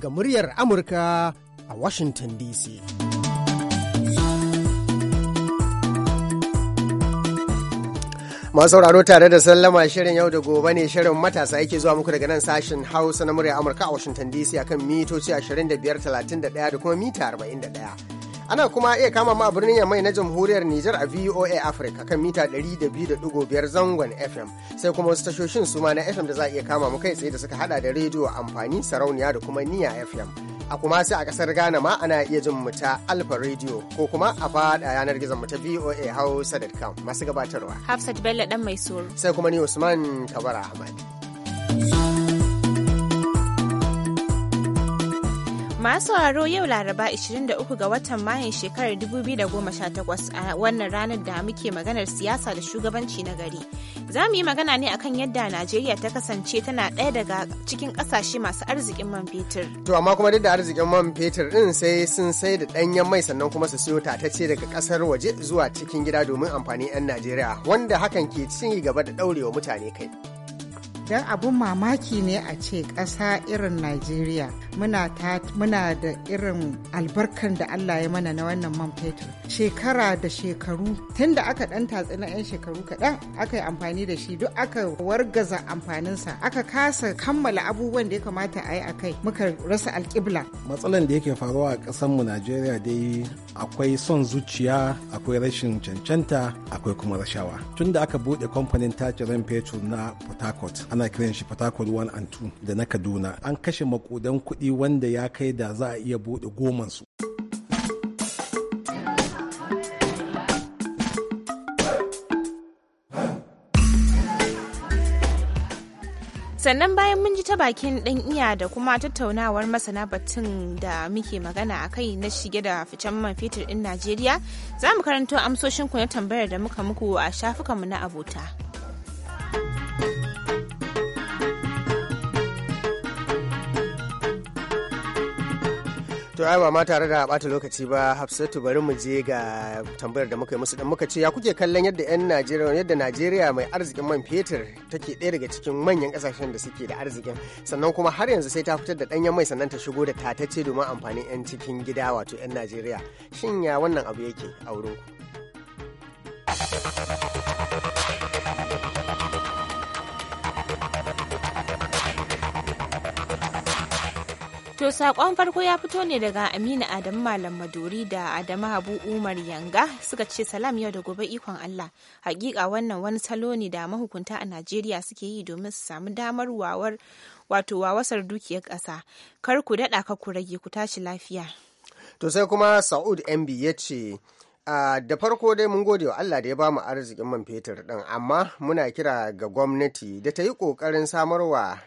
daga muryar Amurka a Washington DC. Masu sauraro tare da sallama shirin yau da gobe ne shirin matasa yake zuwa muku daga nan sashen Hausa na muryar Amurka a Washington DC akan mitoci 25, 31 da kuma mita 41. Ana kuma iya kama ma a birnin mai na Jamhuriyar Nijar a VOA Africa kan mita 200.5 zangon FM. Sai kuma wasu tashoshin su na FM da za a iya kama mu kai tsaye da suka hada da rediyo amfani sarauniya da kuma niya FM. A kuma sai a kasar Ghana ma ana iya jin mu ta Alfa Radio ko kuma a fada yanar gizon mu ta VOA Hausa.com masu gabatarwa. Hafsat Bello dan mai Sai kuma ni Usman Kabara Ahmad. Masu sauraro yau Laraba 23 ga watan Mayun shekarar 2018 a wannan ranar da muke maganar siyasa da shugabanci na gari. Za mu yi magana ne akan yadda Najeriya ta kasance tana ɗaya daga cikin ƙasashe masu arzikin man fetur. To amma kuma duk da arzikin man fetur din sai sun sai da ɗanyen mai sannan kuma su siyo ta ce daga ƙasar waje zuwa cikin gida domin amfani 'yan Najeriya wanda hakan ke ci gaba da ɗaurewa mutane kai. don abun mamaki ne a ce ƙasa irin najeriya muna da irin albarkar da allah ya mana na wannan man fetur shekara da shekaru tun da aka ɗan tatsi 'yan shekaru kaɗan aka yi amfani da shi duk aka wargaza amfaninsa aka kasa kammala abubuwan da ya kamata a yi a kai muka rasa alƙibla. matsalan da yake faruwa a mu najeriya dai akwai son zuciya akwai rashin cancanta akwai kuma rashawa tun da aka buɗe kamfanin tace fetur na port harcourt ana kiran shi port harcourt one and two, da na kaduna an kashe makudan kuɗi wanda ya kai da za a iya buɗe gomansu. su sannan bayan mun ji ta bakin ɗan iya da kuma tattaunawar masana batun da muke magana a kai na shige da ficen man fetur ɗin najeriya za mu karanto amsoshin ku na tambayar da muka muku a shafukanmu na abota. to ai ba ma tare da bata lokaci ba hafsatu bari mu je ga tambayar da muka yi musu dan muka ce ya kuke kallon yadda yan najeriya yadda najeriya mai arzikin man fetur take ɗaya daga cikin manyan kasashen da suke da arzikin sannan kuma har yanzu sai ta fitar da ɗanyen mai sannan ta shigo da tatacce domin amfanin yan cikin gida wato yan najeriya shin ya wannan abu yake a wurin ku To saƙon farko ya fito ne daga Aminu Adamu Malam Maduri da Adamu Habu Umar Yanga suka ce salam yau da gobe ikon Allah. Hakika wannan wani salo ne da mahukunta a Najeriya suke yi domin su samu damar wawar wato wawasar dukiyar ƙasa. Kar ku daɗa ka ku rage ku tashi lafiya. To sai kuma Sa'ud MB ya ce da farko dai mun gode wa Allah da ya bamu arzikin man fetur din amma muna kira ga gwamnati da ta yi kokarin samarwa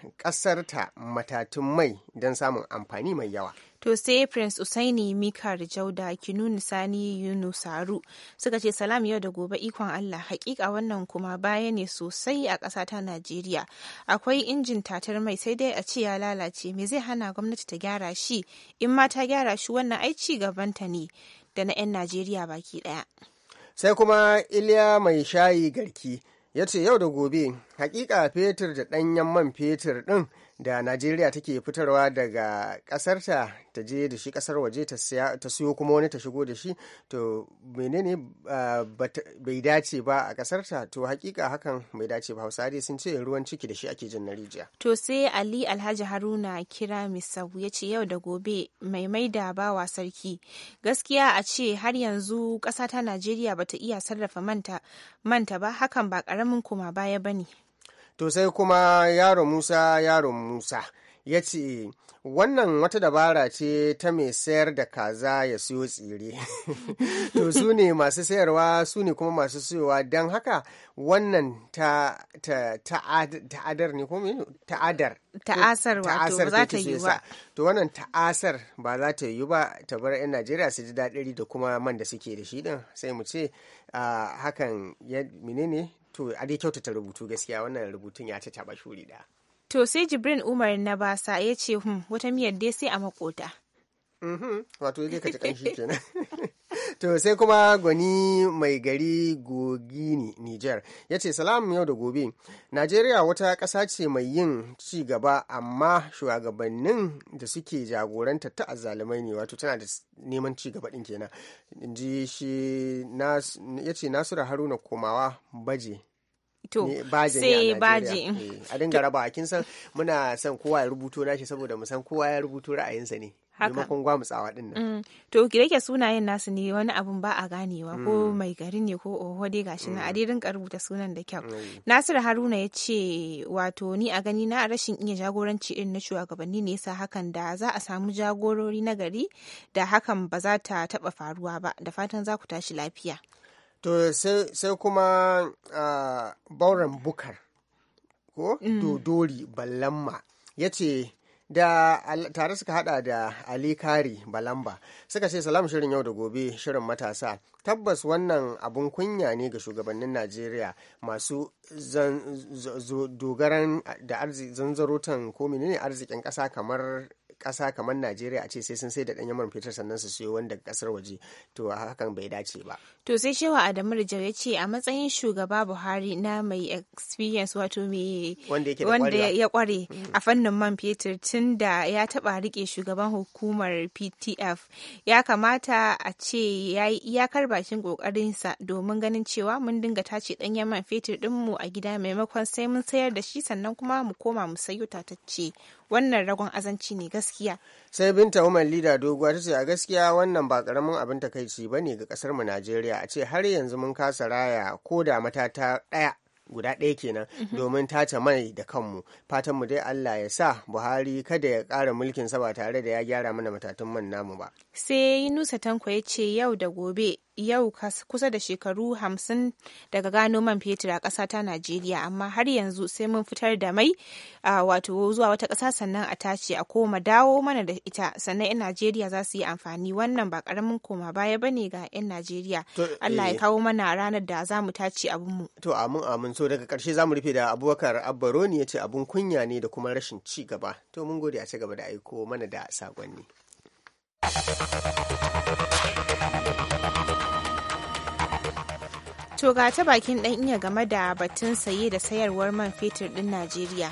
ta matatun mai don samun amfani mai yawa. To sai Prince Usaini Mika Rijauda Kinuni Sani Yunusaru suka ce salam yau da gobe ikon Allah hakika wannan kuma baya ne sosai a ƙasa ta Najeriya. Akwai injin tatar mai sai dai a ce ya lalace me zai hana gwamnati ta gyara shi in ma ta gyara shi wannan ai ci ta ne. da na 'yan Najeriya baki ɗaya. Sai kuma Iliya mai shayi garki ya ce yau da gobe hakika fetur da ɗanyen man fetur ɗin da najeriya take fitarwa daga ƙasarta ta je da shi kasar waje ta siyo kuma wani ta shigo da shi to menene ah, bai dace ba a ƙasarta to hakika hakan bai dace ba hausa dai sun ce ruwan ciki da shi ake jin rijiya. to sai ali alhaji haruna kira misau ya ce yau da gobe mai mai da bawa sarki gaskiya a ce har yanzu kasa ta najeriya bata iya sarrafa manta ba hakan ba ƙaramin kuma baya bane to sai kuma yaro musa yaron musa ya ce wannan wata dabara ce ta mai sayar da kaza ya siyo tsire to su ne masu sayarwa su ne kuma masu siyowa don haka wannan ta'adar ne ko ta'adar ta'asar ba za ta yi ba to wannan ta'asar ba za ta yi ba ta bar 'yan najeriya su ji daɗiri da kuma man da suke da shi din sai mu ce ah, hakan ya menene to a dai kyautata rubutu gaskiya wannan rubutun ya ta taba shuri da to sai jibrin umar na basa ya ce hmm, wata miyar dai sai a makota mm-hmm. wato yake ka ji kanshi kenan to sai kuma gwani mai gari gogini niger ya ce salam yau da gobe najeriya wata ƙasa ce mai yin ci gaba amma shugabannin da suke jagoranta ta azzalumai ne wato tana da neman ci gaba ɗin kenan ji shi ya ce nasura haruna komawa baje to sai baji eh, a dinga raba kin san muna son kowa ya rubuto nashi saboda mu san kowa ya rubuto ra'ayinsa ne maimakon gwamutsawa din nan. Mm. To ki rike sunayen nasu ne wani abun ba a ganewa ko mm. mai gari ne ko oho dai gashi na mm. a dai rinka rubuta sunan da kyau. Nasiru Haruna ya ce wato ni a gani na rashin iya jagoranci irin na shugabanni ne yasa hakan da za a samu jagorori na gari da hakan ba za ta taba faruwa ba da fatan za ku tashi lafiya. To sai kuma ah, bauran bukar ko dodori ballamma ya ce da tare suka hada da ali kari balamba suka ce salam shirin yau da gobe shirin matasa tabbas wannan abun kunya ne ga shugabannin najeriya masu dogaran da zanzarotan ko menene arzikin kasa kamar kasa kamar najeriya a ce sai sun sai da ɗanyen man fetur sannan su siyo wanda kasar waje to hakan bai dace ba to sai shewa adamu rijau ya ce a matsayin shugaba buhari na mai experience wato mai wanda ya kware mm-hmm. a fannin man fetur tun da ya taɓa rike shugaban hukumar ptf ya kamata a ce ya yi iyakar bakin ƙoƙarinsa domin ganin cewa mun dinga tace ɗanyen man fetur ɗinmu a gida maimakon sai mun sayar da shi sannan kuma mu koma mu sayo tatacce wannan ragon azanci ne gaskiya gaskiya sai binta umar lida doguwa ta ce a gaskiya wannan ba karamin abin takaici ba ne ga kasar mu najeriya a ce har yanzu mun kasa raya ko da matata ɗaya guda ɗaya kenan mhm. domin tace mai da kanmu fatan mu dai Allah ya sa Buhari kada ya ƙara mulkin sa ba tare da ya gyara mana matatun man namu ba sai nusa Tanko ya ce yau da gobe yau kusa da shekaru hamsin daga gano man fetur a ƙasa ta najeriya amma har yanzu sai mun fitar da mai wato zuwa wata ƙasa sannan a tace a koma dawo mana da ita sannan 'yan najeriya za su yi amfani wannan ba ƙaramin koma baya ba ne ga 'yan najeriya allah ya eh. kawo mana ranar da za mu tace abinmu to amin amin so daga ƙarshe za mu rufe da abubakar abbaroni ya ce abun kunya ne da kuma rashin ci gaba to mun gode a ci gaba da aiko mana da saƙonni. To ga ta bakin ɗan iya game da batun saye da sayarwar man fetur ɗin Najeriya.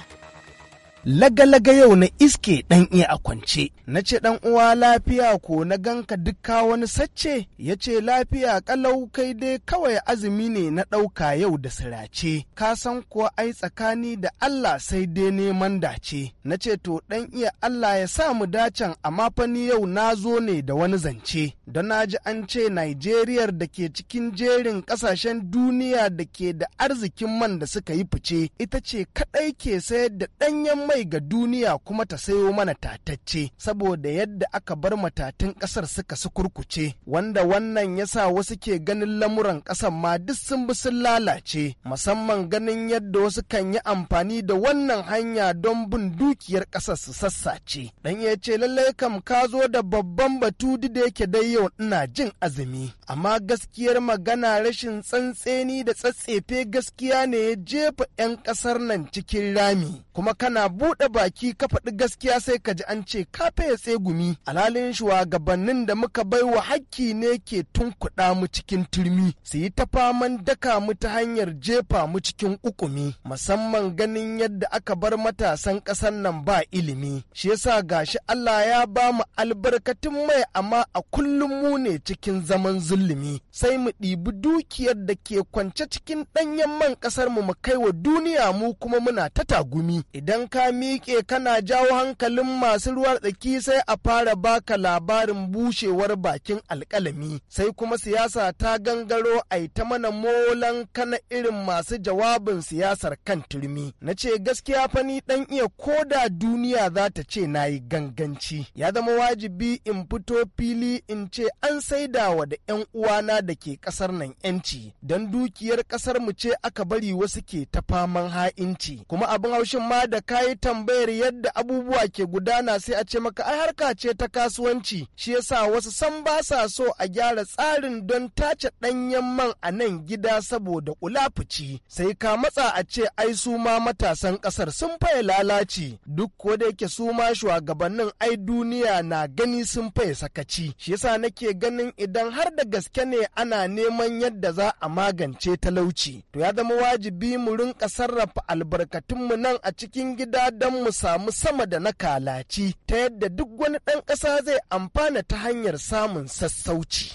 laga-laga yau na iske ɗan iya a kwance. Na ce ɗan uwa lafiya ko na ganka dukka wani sacce? Ya ce lafiya ƙalau kai dai kawai azumi ne na ɗauka yau da sirace. Ka san kuwa ai tsakani da Allah sai dai neman dace. Na ce to ɗan iya Allah ya sa mu dacen amma fa yau na zo ne da wani zance. Don na ji an ce Najeriya da ke cikin jerin ƙasashen duniya da ke da arzikin man da suka yi fice ita ce kaɗai ke sayar da ɗanyen mai ga duniya kuma ta sayo mana tatacce saboda yadda aka bar matatun ƙasar suka su kurkuce wanda wannan ya sa wasu ke ganin lamuran ƙasar ma duk sun bi sun lalace musamman ganin yadda wasu kan yi amfani da wannan hanya don bin dukiyar ƙasar su sassace dan ya ce lallai kam ka zo da babban batu da yake dai yau ina jin azumi amma gaskiyar magana rashin tsantseni da tsatsefe gaskiya ne ya jefa 'yan ƙasar nan cikin rami kuma kana buɗe baki ka faɗi gaskiya sai ka ji an ce ka ya tsegumi alhalin shugabannin da muka bai wa hakki ne ke tunkuɗa mu cikin turmi su yi ta faman daka mu ta hanyar jefa mu cikin ukumi musamman ganin yadda aka bar matasan ƙasar nan ba ilimi shi yasa gashi Allah ya ba mu albarkatun mai amma a kullum mu ne cikin zaman zulumi sai mu ɗibi dukiyar da ke kwance cikin ɗanyen man ƙasar mu mu kai wa duniya mu kuma muna ta tagumi idan ka miƙe kana jawo hankalin masu ruwa tsaki sai a fara baka labarin bushewar bakin alƙalami sai kuma siyasa ta gangaro a ta mana molan kana irin masu jawabin siyasar kan turmi na ce gaskiya fani dan iya ko da duniya za ta ce na yi ganganci ya zama wajibi in fito fili in ce an saida wa da 'yan uwana da ke kasar nan 'yanci don dukiyar ƙasar mu ce aka bari wasu ke ta faman ha'inci kuma abin haushin ma da kayi tambayar yadda abubuwa ke gudana sai a ce maka ai harka ce ta kasuwanci shi yasa wasu san ba sa so a gyara tsarin don tace danyen man a nan gida saboda fici sai ka matsa a ce ai su ma matasan kasar sun faye lalaci duk ko da yake su ma shugabannin ai duniya na gani sun faye sakaci shi yasa nake ganin idan har da gaske ne ana neman yadda za a magance talauci to ya zama wajibi mu rinka sarrafa albarkatunmu nan a cikin gida don mu samu sama da na kalaci ta yadda duk wani ɗan ƙasa zai amfana ta hanyar samun sassauci.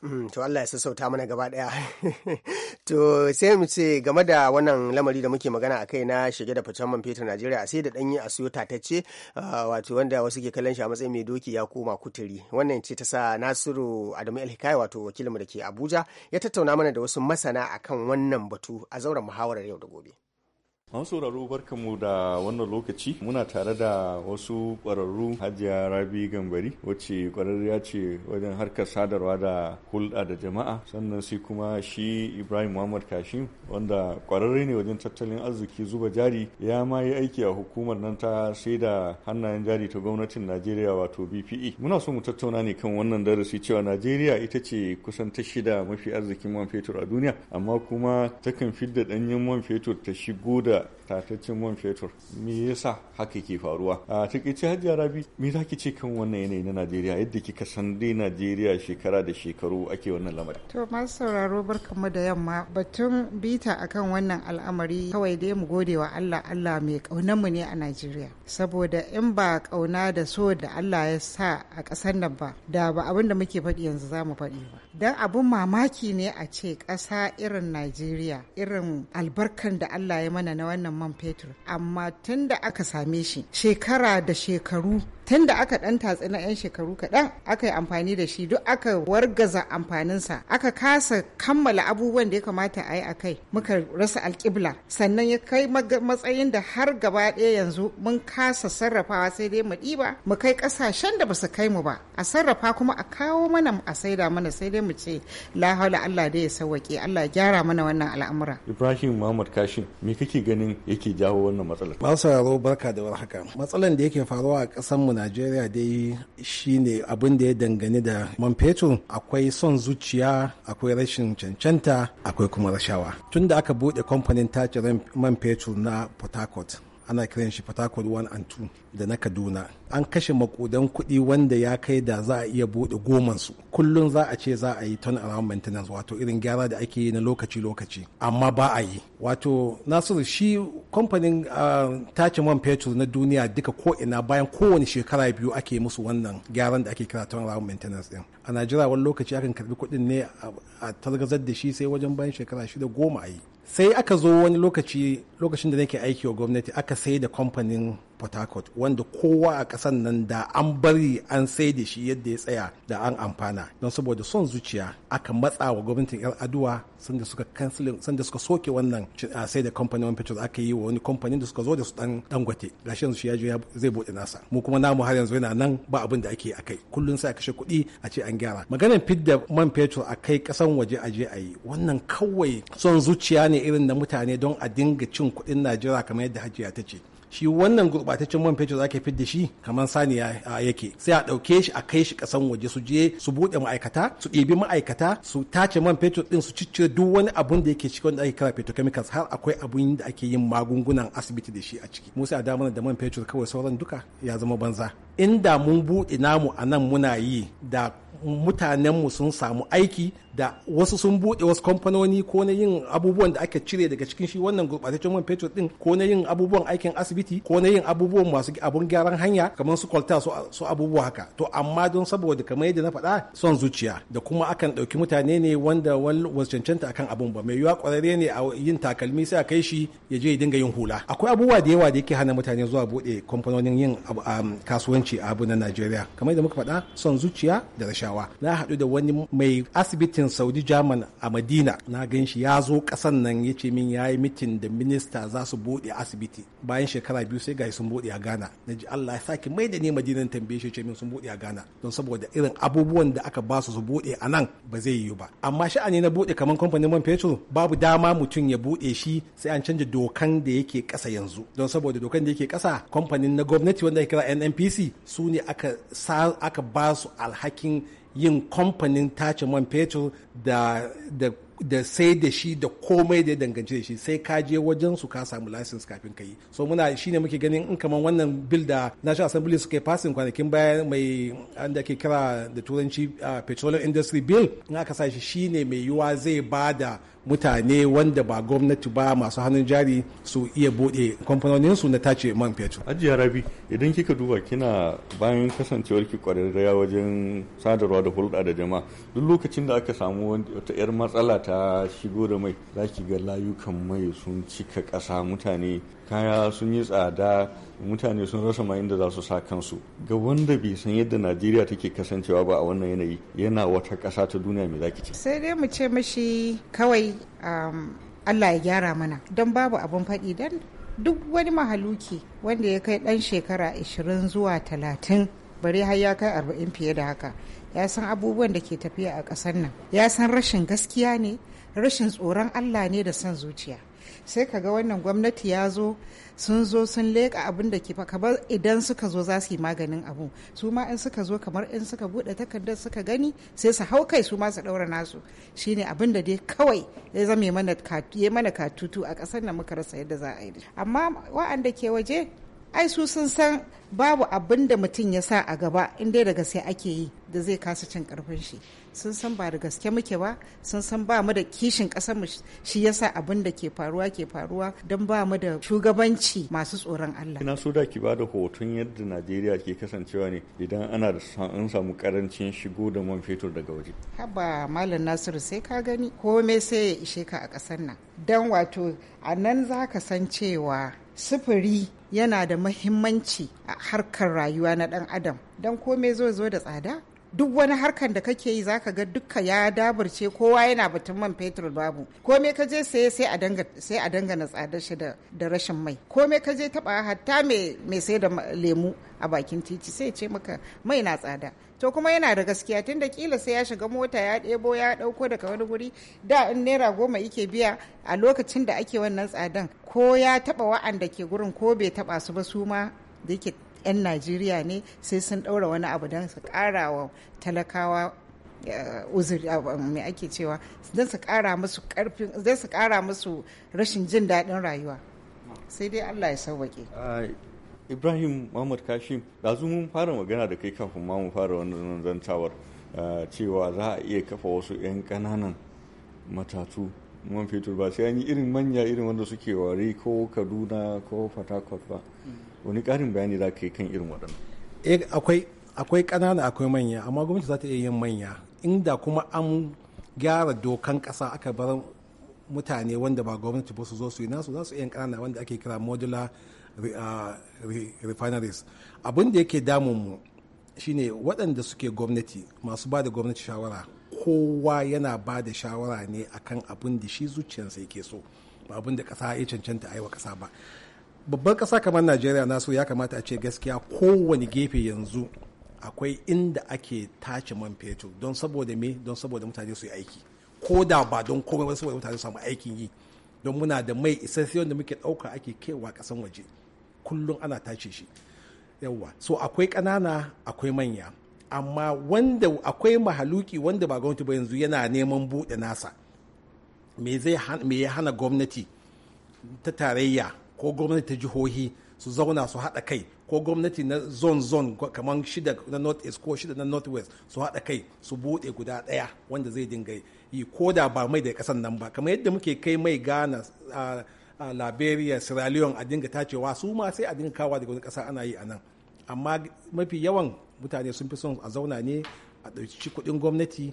Hmm, to Allah ya sassauta mana gaba ɗaya to sai mu ce game da wannan lamari da muke magana a kai na shige da ficen man fetur Najeriya sai da danyi a siyo tatacce ah, wato wanda wasu ke kallon shi a matsayin mai doki ya koma kuturi wannan ce ta sa Nasiru Adamu Alhikai wato wakilinmu da ke Abuja ya tattauna mana da wasu masana akan wannan batu a zauren muhawarar yau da gobe An sauraro barkanmu da wannan lokaci muna tare da wasu ƙwararru Hajiya Rabi Gambari wacce ƙwararriya ce wajen harkar sadarwa da hulɗa da jama'a sannan sai kuma shi Ibrahim Muhammad Kashim wanda ƙwararre ne wajen tattalin arziki zuba jari ya ma yi aiki a hukumar nan ta sai da hannayen jari ta gwamnatin Najeriya wato BPE. Muna so mu tattauna ne kan wannan darasi cewa Najeriya ita ce kusan ta shida mafi arzikin man fetur a duniya amma kuma takan fidda ɗanyen man fetur ta shigo da tatacin man fetur me yasa haka ke faruwa a takaice hajji rabi me za ki ce kan wannan yanayi na najeriya yadda kika san dai najeriya shekara da shekaru ake wannan lamari. to masu sauraro barkanmu da yamma batun bita akan wannan al'amari kawai dai mu gode wa allah allah mai mu ne a najeriya saboda in ba kauna da so da allah ya sa a ƙasar nan ba da ba abin da muke faɗi yanzu za mu faɗi ba Dan abun mamaki ne a ce kasa irin najeriya irin albarkan da allah ya mana na wannan man fetur amma tun da aka same shi shekara da shekaru tun da aka ɗan tatsi na 'yan shekaru kaɗan aka yi amfani da shi duk aka wargaza amfaninsa aka kasa kammala abubuwan da ya kamata a yi a kai muka rasa alƙibla sannan ya kai matsayin da har gaba ɗaya yanzu mun kasa sarrafawa sai dai mu ɗiba mu kai ƙasashen da basu kai mu ba a sarrafa kuma a kawo mana a saida mana sai dai mu ce la haula Allah dai ya sauwaƙe Allah ya gyara mana wannan al'amura Ibrahim Muhammad Kashin me kake ganin yake jawo wannan matsalar Masu barka da warhaka matsalar da yake faruwa a ƙasar najeriya dai shine abin da ya dangane da man fetur akwai son zuciya akwai rashin cancanta akwai kuma rashawa tun da aka buɗe kamfanin tace man fetur na port harcourt ana kiran shi port harcourt 1 and da na kaduna an kashe makudan kuɗi wanda ya kai da za a iya buɗe gomansu kullum za a ce za a yi ton around maintenance wato irin gyara da ake yi na lokaci-lokaci amma ba a yi wato nasiru shi kamfanin ah, tace man fetur na duniya duka ko ina bayan kowane shekara biyu ake musu wannan gyaran da ake kira ton around maintenance din a najeriya wani lokaci akan karbi kuɗin ne a targazar da shi sai wajen bayan shekara shida goma a yi sai aka zo wani lokaci lokacin da nake aiki wa gwamnati aka sai da kamfanin port harcourt wanda kowa a kasan nan da an bari an sai da shi yadda ya tsaya da an amfana don saboda son zuciya aka matsa wa gwamnatin yar aduwa sanda suka suka soke wannan a sai da kamfanin petrol aka yi wa wani kamfani da suka zo da su dan dangote gashi yanzu shi ya zai bude nasa mu kuma namu har yanzu yana nan ba abin da ake akai kullun sai a kashe kuɗi a ce an gyara maganar fidda man fetur a kai kasan waje a je a yi wannan kawai son zuciya ne irin na mutane don a dinga cin kuɗin najeriya kamar yadda hajiya ta ce shi wannan gurbataccen man fetur zaka fidda shi kamar saniya yake sai a ɗauke shi a kai shi kasan waje su je su buɗe ma'aikata su ɗebi ma'aikata su tace man fetur ɗin su ciccire duk wani abun da yake cikin da ake kira petrochemicals har akwai abun da ake yin magungunan asibiti da shi a ciki mu sai a damar da man fetur kawai sauran duka ya zama banza inda mun buɗe namu a nan muna yi da mutanenmu sun samu aiki da wasu sun buɗe wasu kamfanoni ko na yin abubuwan da ake cire daga cikin shi wannan gurɓataccen man fetur din ko na yin abubuwan aikin asibiti ko na yin abubuwan masu abun gyaran hanya kamar su kwalta su abubuwa haka to amma don saboda kamar yadda na faɗa son zuciya da kuma akan ɗauki mutane ne wanda wasu cancanta akan abun ba mai yiwuwa ƙwararre ne a yin takalmi sai a kai shi ya je ya dinga yin hula akwai abubuwa da yawa da yake hana mutane zuwa buɗe kamfanonin yin kasuwanci a abu na Najeriya kamar da muka faɗa son zuciya da rashawa na haɗu da wani mai asibitin Saudi German a Madina na gan shi ya zo ƙasan nan ya ce min ya yi mitin da minista za su buɗe asibiti bayan shekara biyu sai ga sun bude a Ghana na ji Allah ya sake mai da ni Madina tambaye shi ce min sun buɗe a Ghana don saboda irin abubuwan da aka ba su su buɗe a nan ba zai yiwu ba amma sha'ani na buɗe kamar kamfanin man fetur babu dama mutum ya buɗe shi sai an canja dokan da yake ƙasa yanzu don saboda dokan da yake ƙasa kamfanin na gwamnati wanda ya kira NNPC su ne aka ba su alhakin yin kamfanin tace man fetur da sai da shi da komai da ya danganci da shi sai ka je wajen su ka samu license kafin ka yi so muna shine muke ganin in kamar wannan bil da national assembly suka yi passing kwanakin baya mai an da ke kira da turanci ah, petroleum industry bill in aka sa shi ne mai yiwuwa zai ba da mutane wanda ba gwamnati ba masu hannun jari su iya bude kamfanoninsu na tace man fetur. Ajiya Rabi idan kika duba kina bayan kasancewar ki kwararriya wajen sadarwa da hulɗa da jama'a duk lokacin da aka samu wata 'yar matsala ta shigo da mai za ki ga layukan mai sun cika ƙasa mutane kaya sun yi tsada mutane sun rasa ma inda za su sa kansu ga wanda bai san yadda najeriya take kasancewa ba a wannan yanayi yana wata ƙasa ta duniya mai zaki ce sai dai mu ce mashi kawai um, allah ya gyara mana don babu abin faɗi don duk wani mahaluki wanda ya kai ɗan shekara 20 zuwa 30 bare har ya kai 40 fiye da haka ya san abubuwan da ke tafiya a ƙasar nan ya san rashin gaskiya ne rashin tsoron allah ne da son zuciya sai ka ga wannan gwamnati ya zo sun zo sun leƙa abin da ke kamar idan suka zo za su yi maganin abu su ma in suka zo kamar in suka buɗe takardar suka gani sai su hau kai su ma su ɗaura nasu shine abin da dai kawai ya zama mana katutu a ƙasar nan muka rasa yadda za a yi amma wa'anda ke waje ai su sun san babu abin da mutum ya sa a gaba in dai daga sai ake yi da zai kasa cin karfin shi sun san ba da gaske muke ba sun san ba mu da kishin ƙasar mu shi yasa abin da ke faruwa ke faruwa don ba mu da shugabanci masu tsoron Allah. Ina so da ki ba da hoton yadda Najeriya ke kasancewa ne idan ana da an samu karancin shigo da man fetur daga waje. Haba Malam Nasiru sai ka gani komai sai ya ishe ka a ƙasar nan. dan wato a nan za ka san cewa sufuri yana da mahimmanci a harkar rayuwa na dan adam don komai zo zo da tsada duk wani harkan da kake yi zaka ga dukka ya daburce kowa yana batun man fetur babu kome ka je saye sai a sai a dangana tsadar shi da rashin mai kome ka je taba hatta mai mai sai da lemu a bakin titi sai ce maka mai na tsada to kuma yana da gaskiya tunda kila sai ya shiga mota ya ɗebo ya ɗauko daga wani guri da in naira goma yake biya a lokacin da ake wannan tsadan ko ya taba wa'anda ke gurin ko bai taba su ba su ma da yake 'yan najeriya ne sai sun ɗaura wani abu don su ƙara wa talakawa eh, uzuri ah, mai ake cewa don su ƙara musu ƙarfin don su ƙara musu rashin jin daɗin rayuwa sai dai allah ya sauwaƙe ah, ibrahim muhammad kashim ɗazu mun fara magana da kai kafin ma mu fara wannan zantawar ah, cewa za a iya kafa wasu 'yan ƙananan matatu man fetur ba sai an yi irin manya irin wanda suke ware ko kaduna ko fatakwat ba mm. wani karin bayani za ka yi kan irin waɗannan eh, akwai akwai ƙanana akwai manya amma gwamnati za ta iya yin manya inda kuma an gyara dokan ƙasa aka bar mutane wanda ba gwamnati ba su zo su yi nasu za su iya ƙanana wanda ake kira modular ah, refineries abin da yake damunmu shine waɗanda suke gwamnati masu ba da gwamnati shawara kowa yana ba da shawara ne akan abin da shi zuciyarsa yake so ba abin da ƙasa ya cancanta a yi wa ƙasa ba babban ƙasa kamar najeriya nasu ya kamata a ce gaskiya kowane gefe yanzu akwai inda ake tace man fetur don saboda me don saboda mutane su yi aiki ko da ba don komai ba saboda mutane samu aikin yi don muna da mai isasshe wanda muke ɗauka ake kewa ƙasan waje kullum ana tace shi yawwa so akwai ƙanana akwai manya amma wanda akwai mahaluki wanda ba gwamnati ba yanzu yana neman buɗe nasa me ya hana gwamnati ta tarayya ko gwamnati ta jihohi su zauna su haɗa kai ko gwamnati na zone zone kamar shida na north east ko shida na north west su haɗa kai su buɗe guda ɗaya wanda zai dinga yi ko da ba mai da kasan nan ba kamar yadda muke kai mai ghana liberia sierra leone a dinga tacewa su ma sai a dinga kawa daga wani ƙasa ana yi a nan amma mafi yawan mutane sun fi son a zauna ne a ɗauki kuɗin gwamnati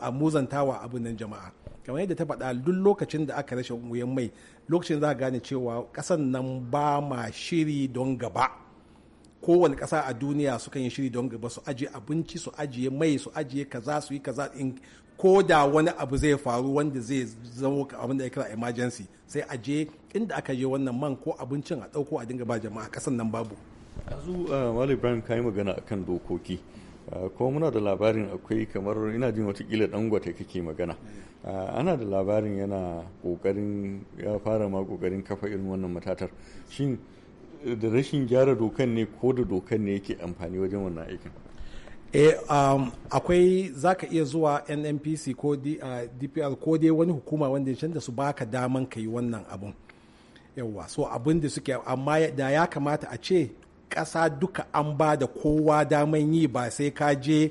a muzantawa abin nan jama'a kamar yadda ta faɗa duk lokacin da aka rashe wuyan mai lokacin za a gane cewa kasan nan ba ma shiri don gaba kowane ƙasa a duniya sukan yi shiri don gaba su ajiye abinci su ajiye mai su ajiye kaza su yi kaza in ko da wani abu zai faru wanda zai zama abin da ya kira emergency sai aje inda aka je wannan man ko abincin a ɗauko a dinga ba jama'a ƙasan nan babu yanzu wali eh, ibrahim ka yi magana akan dokoki Ah, ko muna da labarin akwai kamar ina jin watakila dangote kake magana ah, ana da labarin yana kokarin ya fara ma kokarin kafa irin wannan matatar shin eh, da rashin gyara dokan ne ko da dokan ne yake amfani wajen wannan aikin e akwai za ka iya zuwa nnpc ko dpr ah, ko dai wani hukuma wanda ya canza su baka daman ka yi wannan abun yawwa so abin da suke amma da ya kamata a ce ƙasa duka an ba da kowa daman yi ba sai ka je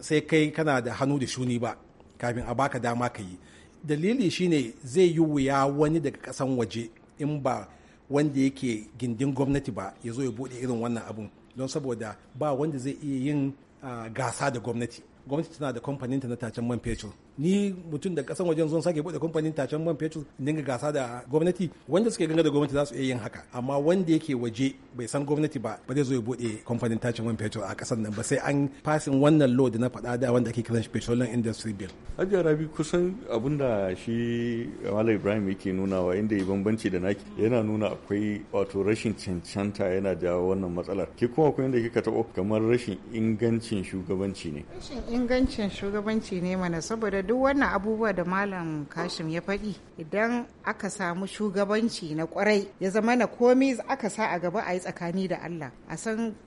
sai kai kana da hannu da shuni ba kafin a baka dama ka yi dalili shine zai yi wuya wani daga ƙasan waje in ba wanda yake gindin gwamnati ba ya zo ya buɗe irin wannan abun don saboda ba wanda zai iya yin ah, gasa da gwamnati gwamnati tana da kamfaninta na tacen man fetur ni mutum da kasan wajen zon sake bude kamfanin tacen man fetur dinga gasa da gwamnati wanda suke ganga da gwamnati za su iya yin haka amma wanda yake waje bai san gwamnati ba ba zai zo ya bude kamfanin tacen man fetur a kasan nan ba sai an fasin wannan load na faɗa da wanda ake kiran shi petroleum industry bill hajji rabi kusan abin da shi malam ibrahim yake nunawa inda ya bambanci da naki yana nuna akwai wato rashin cancanta yana jawo wannan matsalar ke kuma akwai inda kika taɓo kamar rashin ingancin shugabanci ne rashin ingancin shugabanci ne mana saboda da duk wannan abubuwa da malam kashim ya faɗi idan aka samu shugabanci na kwarai ya zama na komi aka sa a gaba a yi tsakani da allah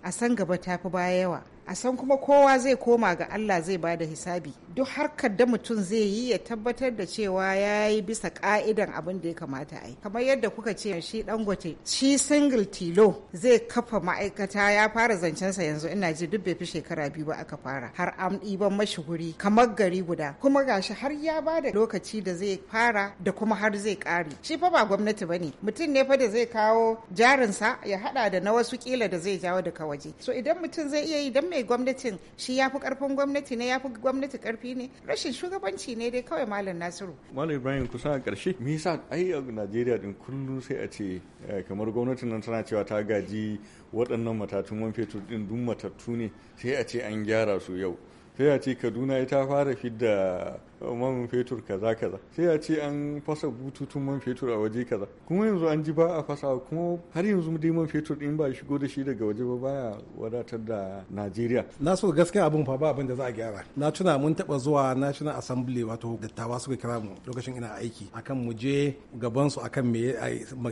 a san gaba tafi baya yawa a san kuma kowa zai koma ga Allah zai ba da hisabi duk harkar da mutum zai yi ya tabbatar da cewa ya yi bisa ka'idan abin da ya kamata a yi kamar yadda kuka ce shi dangote shi single tilo zai kafa ma'aikata ya fara zancensa yanzu ina ji duk bai fi shekara biyu ba aka fara har am ban mashi guri kamar gari guda kuma gashi har ya ba da lokaci da zai fara da kuma har zai kare shi fa ba gwamnati ba ne mutum ne fa da zai kawo jarinsa ya haɗa da na wasu kila da zai jawo daga waje so idan mutum zai iya yi dan mai gwamnatin shi ya fi karfin gwamnati ne ya fi gwamnati karfi ne rashin shugabanci ne dai kawai malam nasiru malam ibrahim kusa a karshe me yasa ai a najeriya din kullum sai a ce eh, kamar gwamnatin nan tana cewa ta gaji waɗannan matatun man fetur din dun matattu ne sai a ce an gyara su yau sai a ce kaduna ita fara fidda man fetur kaza kaza sai a ce an fasa bututun man fetur a waje kaza kuma yanzu an ji ba a fasa kuma har yanzu dai man fetur din ba shigo da shi daga waje ba baya wadatar da Najeriya na so gaskiya abun fa ba abin da za a gyara na tuna mun taba zuwa National Assembly wato dattawa suka kira mu lokacin ina aiki akan mu je gaban su akan me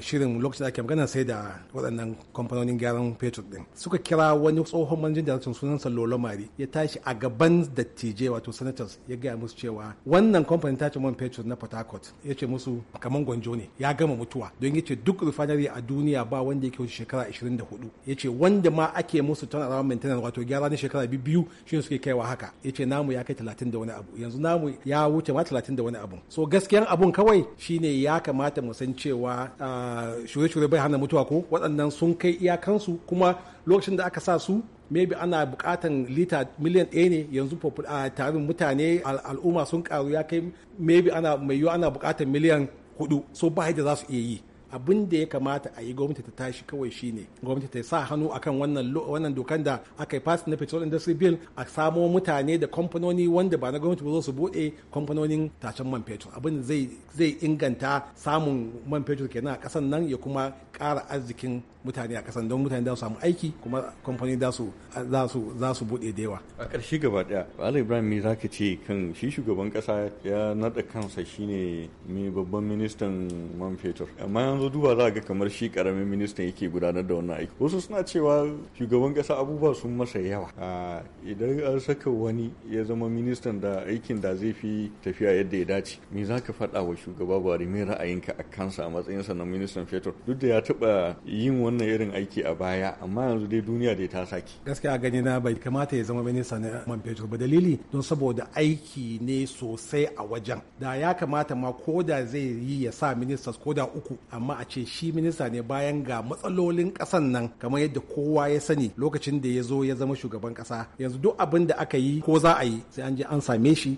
shirin lokacin ake magana sai da waɗannan kamfanonin gyaran fetur din suka kira wani tsohon manjin da sunan Lolo Mari ya tashi a gaban dattijai wato senators ya gaya musu cewa wannan kamfanin tace man fetur na port harcourt ya ce musu kamar gwanjo ne ya gama mutuwa don ya ce duk refinery a duniya ba wanda yake wuce shekara 24 ya ce wanda ma ake musu tana rawar maintenance wato gyara na shekara biyu shi suke kaiwa haka ya ce namu ya kai 30 da wani abu yanzu namu ya wuce ma 30 da wani abu so gaskiyan abun kawai shine ya kamata mu san cewa ah, shure-shure bai hana mutuwa ko waɗannan sun kai iyakansu kuma lokacin da aka sa su maybe ana bukatan lita miliyan ɗaya ne yanzu a tarin mutane al'umma sun karu ya kai maybe ana mai yiwu ana bukatan miliyan hudu so ba yadda za su iya yi abin da ya kamata a yi gwamnati ta tashi kawai shine gwamnati ta sa hannu akan wannan wannan dokan da aka yi pass na petrol industry bill a samo mutane da kamfanoni wanda ba na gwamnati ba su bude kamfanonin tashen man petrol abin zai zai inganta samun man petrol kenan a kasan nan ya kuma kara arzikin mutane a kasan don mutane za su samu aiki kuma kamfani za su buɗe da yawa a ƙarshe gaba ɗaya ba'ala Ibrahim me ka ce kan shi shugaban ƙasa ya naɗa kansa shine mai babban ministan man fetur amma yanzu duba za ga kamar shi ƙaramin ministan yake gudanar da wannan aiki wasu suna cewa shugaban ƙasa abubuwa sun masa yawa idan an saka wani ya zama ministan da aikin da zai fi tafiya yadda ya dace me zaka faɗa wa shugaba Buhari mai ra'ayinka a kansa a matsayinsa na ministan fetur duk da ya taɓa yin wani wannan irin aiki a baya amma yanzu dai duniya dai ta sake gaskiya gani na bai kamata ya zama minista na man fetur ba dalili don saboda aiki ne sosai a wajen da ya kamata ma ko da zai yi ya sa ministers ko da uku amma a ce shi minista ne bayan ga matsalolin kasan nan kamar yadda kowa ya sani lokacin da ya zo ya zama shugaban kasa yanzu duk abin da aka yi ko za a yi sai an je an same shi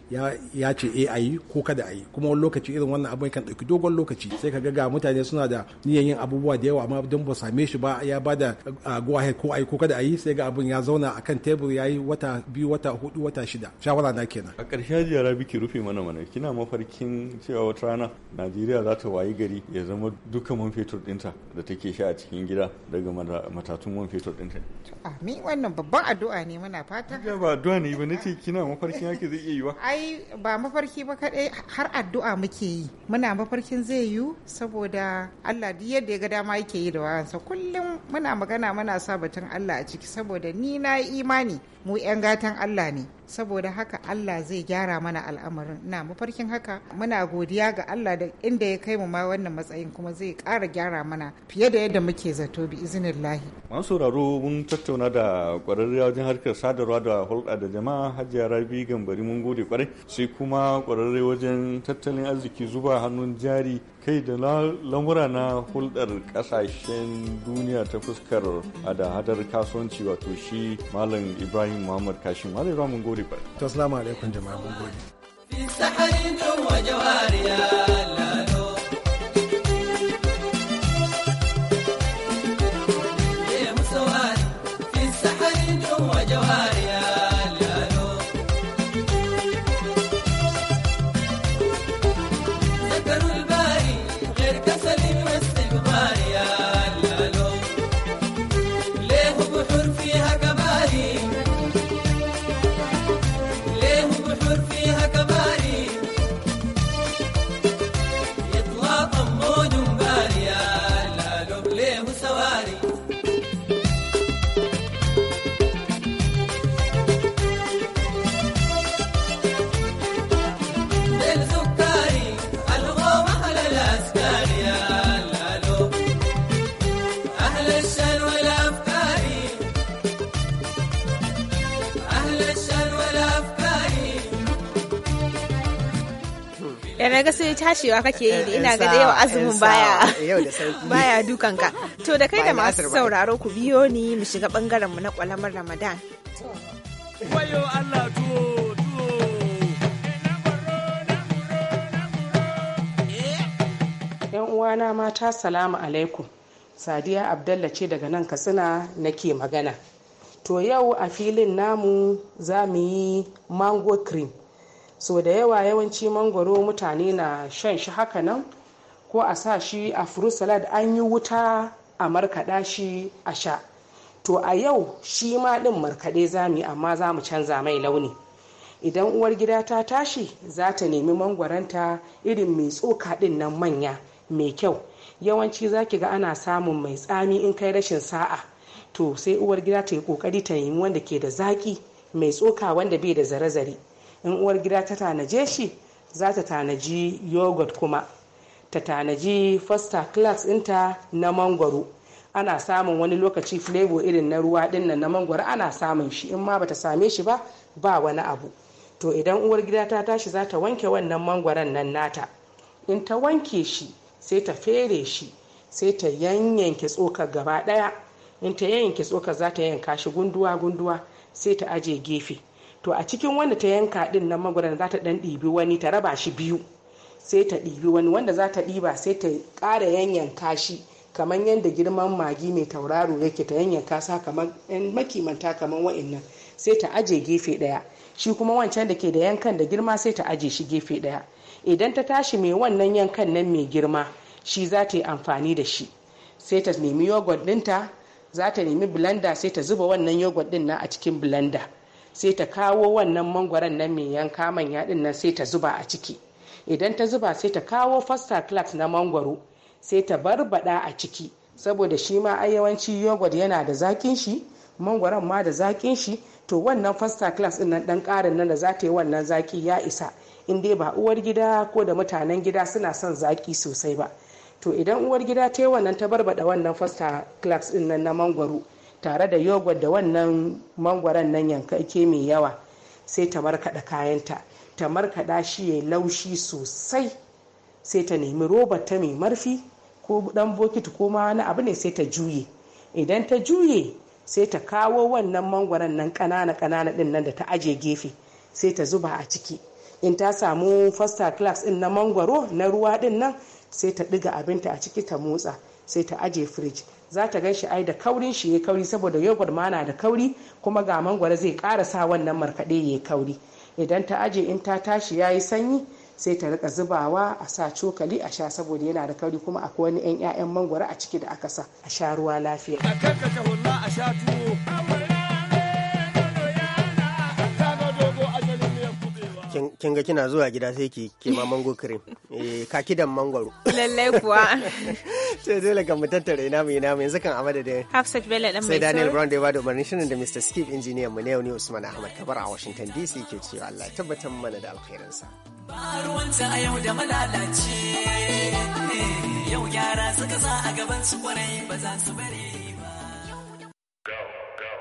ya ce eh a yi ko kada a yi kuma wani lokaci irin wannan abin kan dauki dogon lokaci sai ka ga ga mutane suna da niyan yin abubuwa da yawa amma don ba same same shi ba ya bada go ahead ko ai ko kada ayi sai ga abun ya zauna akan tebur yayi wata biyu wata hudu wata shida shawara na kenan a ƙarshe yara biki rufe mana mana kina mafarkin cewa wata rana Najeriya za ta wayi gari ya zama duka man fetur dinta da take sha a cikin gida daga matatun man fetur dinta a ni wannan babban addu'a ne muna fata ya ba addu'a ne ba nace kina mafarkin yake zai iya yiwa ai ba mafarki ba kadai har addu'a muke yi muna mafarkin zai yiwu saboda Allah duk yadda ya ga dama yake yi da wayansa kullum muna magana muna sa batun Allah a ciki saboda ni na yi imani mu 'yan gatan Allah ne saboda haka Allah zai gyara mana al'amarin na mafarkin haka muna godiya ga Allah da inda ya kai mu ma wannan matsayin kuma zai ƙara gyara mana fiye da yadda muke zato bi izinin lahi. Masu sauraro mun tattauna da ƙwararriya wajen harkar sadarwa da hulɗa da jama'a Hajiya Rabi Gambari mun gode kwarai sai kuma ƙwararre wajen tattalin arziki zuba hannun jari kai da lamura na hulɗar ƙasashen duniya ta fuskar a da hadar kasuwanci wato shi malam ibrahim muhammad kashi malam ibrahim gori ba. ta salamu alaikum jama'a mun gode. da na ga sai tashewa kake yi eh, ina ga da eh, eh, yau azumin baya baya dukan ka to da kai da masu sauraro ku biyo ni mu shiga bangaren mu na kwalamar Ramadan yan uwana mata salamu alaikum sadiya abdalla ce daga nan katsina nake magana to yau a filin namu za mu yi mango cream so da yawa yawanci mangwaro mutane na shan shi haka nan ko a sa shi a fruit salad an yi wuta a markaɗa shi a sha to a yau shi ma ɗin markaɗe za mu amma za mu canza mai launi idan uwar gida ta tashi za ta nemi mangwaranta irin mai tsoka din nan manya mai kyau yawanci za ki ga ana samun mai tsami in kai rashin sa'a to sai uwar gida ta yi ƙoƙari ta nemi wanda ke da zaƙi mai tsoka wanda bai da zare-zare in uwar gida ta tanaje shi za ta tanaji yogurt kuma ta tanaji first class inta na mangwaro ana samun wani lokaci flavor irin na ruwa ɗin na mangwaro ana samun shi in ma bata same shi ba ba wani abu to idan uwar gida ta tashi za ta wanke wannan mangwaron nan nata in ta wanke shi sai ta fere shi sai ta yanyanke tsoka gaba ɗaya in ta yanyanke tsoka za ta yanka shi gunduwa gunduwa sai ta aje gefe to a cikin wanda ta yanka din nan magudanar za ta dan ɗibi wani ta raba shi biyu sai ta ɗibi wani wanda za ta ɗiba sai ta ƙara yanyanka shi kamar yadda girman magi mai tauraro yake ta yanyanka sa kamar makimanta kamar wa'annan sai ta aje gefe ɗaya shi kuma wancan da ke da yankan da girma sai ta aje shi gefe ɗaya idan ta tashi mai wannan yankan nan mai girma shi za ta yi amfani da shi sai ta nemi yogurt ɗinta za ta nemi blender sai ta zuba wannan yogurt ɗin nan a cikin blender sai ta kawo wannan mangwaron nan mai yanka manya yadin nan sai ta zuba a ciki idan ta zuba sai ta kawo fasta clark na mangwaro sai ta barbada a ciki saboda shi ma a yawanci yogurt yana da zakin shi mangwaron ma da zakin shi to wannan fasta class din dan karin nan da za ta yi wannan zaki ya isa in dai ba uwar gida ko da mutanen gida suna son zaki sosai ba to idan uwar gida ta yi wannan ta barbada wannan fasta class din nan na mangwaro tare da yogurt da wannan mangwaron nan yankake mai yawa sai ta markaɗa kayanta ta markaɗa shi ya laushi sosai sai ta nemi robar ta mai marfi ko ɗan bokiti ko ma wani abu ne sai ta juye idan ta juye sai ta kawo wannan mangwaron nan ƙanana ƙanana ɗin nan da ta aje gefe sai ta zuba a ciki in ta samu fasta class ɗin na mangwaro na ruwa ɗin nan sai ta ɗiga abinta a ciki ta motsa sai ta aje firij. za ta gan shi ai da kaurin shi ya kauri saboda yogurt ma na da kauri kuma ga mangwaro zai kara sa wannan markaɗe ya kauri idan ta aje in ta tashi ya yi sanyi sai ta rika zubawa a sa cokali a sha saboda yana da kauri kuma akwai wani 'yan 'ya'yan mangwaro a ciki da aka sa a sha ruwa lafiya. A kin ga kina zuwa gida sai ki ke ma mango cream eh kakidan mangoro. lallai kuwa sai dole kan mu tattara ina mu ina mu yanzu kan amada da Hafsat Bello dan sai Daniel Brown da ya bada umarnin shirin da Mr. Skip engineer mu ne Usman Ahmad Kabar a Washington DC ke cewa Allah tabbatar mana da alkhairinsa ba ruwanta a yau da malalaci eh, yau yara suka sa a gaban su kwarai ba za su bari ba